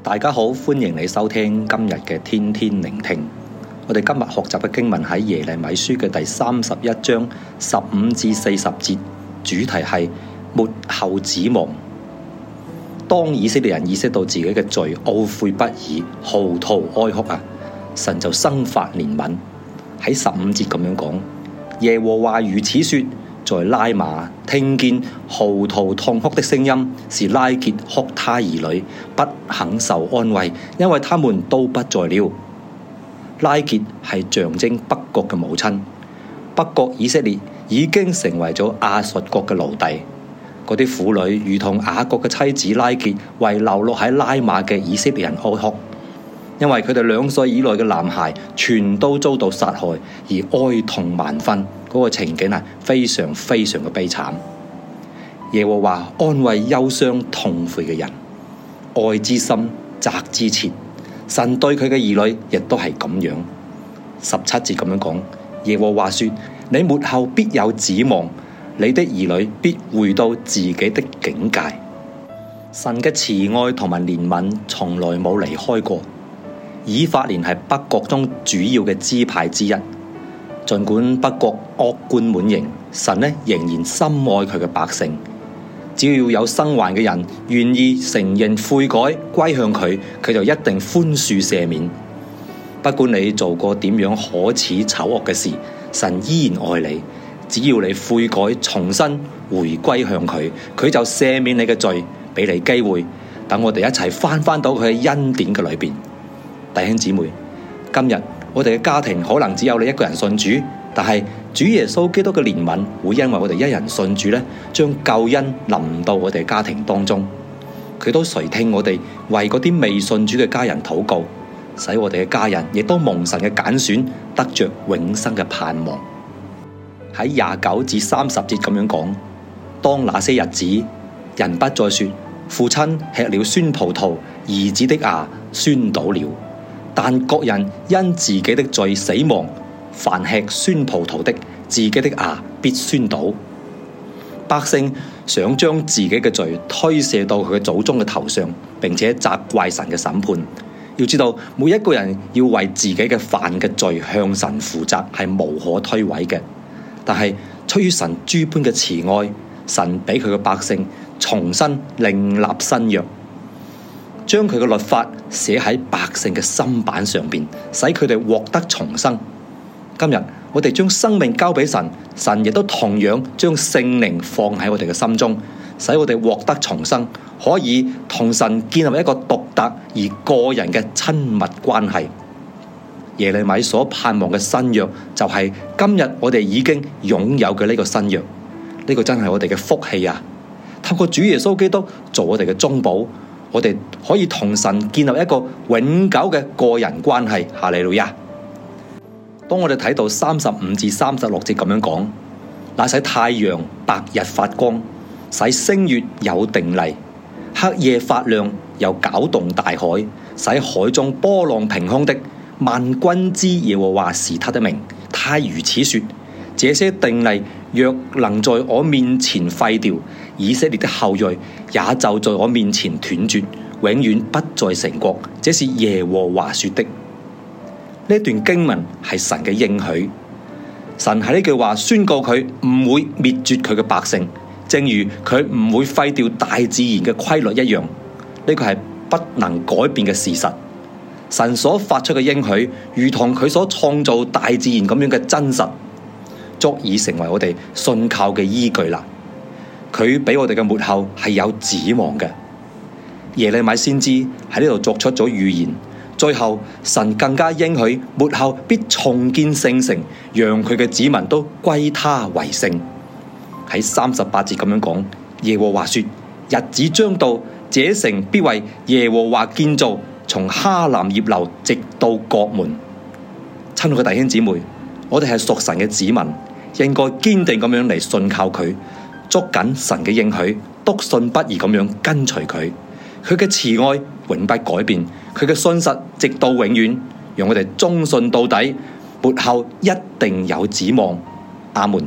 大家好，歡迎你收聽今日嘅天天聆聽。我哋今日學習嘅經文喺耶利米書嘅第三十一章十五至四十節，主題係末後指望。當以色列人意識到自己嘅罪，懊悔不已，嚎啕哀哭啊！神就生發憐憫，喺十五節咁樣講：耶和華如此說。在拉馬聽見嚎啕痛哭的聲音，是拉結哭他兒女，不肯受安慰，因為他們都不在了。拉結係象徵北國嘅母親，北國以色列已經成為咗亞述國嘅奴隸，嗰啲婦女如同雅各嘅妻子拉結，為流落喺拉馬嘅以色列人哀哭。因為佢哋兩歲以內嘅男孩全都遭到殺害，而哀痛萬分，嗰、那個情景啊，非常非常嘅悲慘。耶和華安慰憂傷痛悔嘅人，愛之深，責之切。神對佢嘅兒女亦都係咁樣。十七節咁樣講，耶和華說：你末後必有指望，你的兒女必回到自己的境界。神嘅慈愛同埋憐憫從來冇離開過。以法蓮係北國中主要嘅支派之一，儘管北國惡貫滿盈，神呢仍然深愛佢嘅百姓。只要有生還嘅人願意承認悔改，歸向佢，佢就一定寬恕赦免。不管你做過點樣可恥醜惡嘅事，神依然愛你。只要你悔改，重新回歸向佢，佢就赦免你嘅罪，俾你機會。等我哋一齊翻翻到佢嘅恩典嘅裏邊。弟兄姊妹，今日我哋嘅家庭可能只有你一個人信主，但係主耶穌基督嘅憐憫會因為我哋一人信主咧，將救恩臨到我哋家庭當中。佢都垂聽我哋為嗰啲未信主嘅家人禱告，使我哋嘅家人亦都蒙神嘅揀選，得着永生嘅盼望。喺廿九至三十節咁樣講，當那些日子，人不再說：父親吃了酸葡萄，兒子的牙酸倒了。但各人因自己的罪死亡，凡吃酸葡萄的，自己的牙必酸倒。百姓想將自己嘅罪推卸到佢嘅祖宗嘅頭上，並且責怪神嘅審判。要知道每一個人要為自己嘅犯嘅罪向神負責，係無可推諉嘅。但係出於神諸般嘅慈愛，神俾佢嘅百姓重新另立新約。將佢嘅律法寫喺百姓嘅心板上邊，使佢哋獲得重生。今日我哋將生命交俾神，神亦都同樣將聖靈放喺我哋嘅心中，使我哋獲得重生，可以同神建立一個獨特而個人嘅親密關係。耶利米所盼望嘅新約就係今日我哋已經擁有嘅呢個新約，呢個真係我哋嘅福氣啊！透過主耶穌基督做我哋嘅中保，我哋可以同神建立一個永久嘅個人關係。哈利路亞。當我哋睇到三十五至三十六節咁樣講，那使太陽白日發光，使星月有定例，黑夜發亮，又攪動大海，使海中波浪匉訇的萬軍之耶和華是他的名。他如此說：這些定例若能在我面前廢掉。以色列的後裔也就在我面前斷絕，永遠不再成國。這是耶和華說的。呢段經文係神嘅應許，神喺呢句話宣告佢唔會滅絕佢嘅百姓，正如佢唔會廢掉大自然嘅規律一樣。呢個係不能改變嘅事實。神所發出嘅應許，如同佢所創造大自然咁樣嘅真實，足以成為我哋信靠嘅依據啦。佢俾我哋嘅末後係有指望嘅。耶利米先知喺呢度作出咗預言，最後神更加應許末後必重建聖城，讓佢嘅子民都歸他為聖。喺三十八節咁樣講，耶和華說：日子將到，這城必為耶和華建造，從哈楠業樓直到角門。親愛嘅弟兄姊妹，我哋係屬神嘅子民，應該堅定咁樣嚟信靠佢。捉緊神嘅應許，篤信不疑咁樣跟隨佢。佢嘅慈愛永不改變，佢嘅信實直到永遠。讓我哋忠信到底，末後一定有指望。阿門。